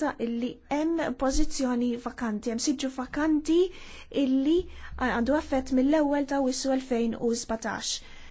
fatta illi hemm pożizzjoni vakanti, hemm siġu vakanti illi għandu affett mill-ewwel ta' wissu 2017.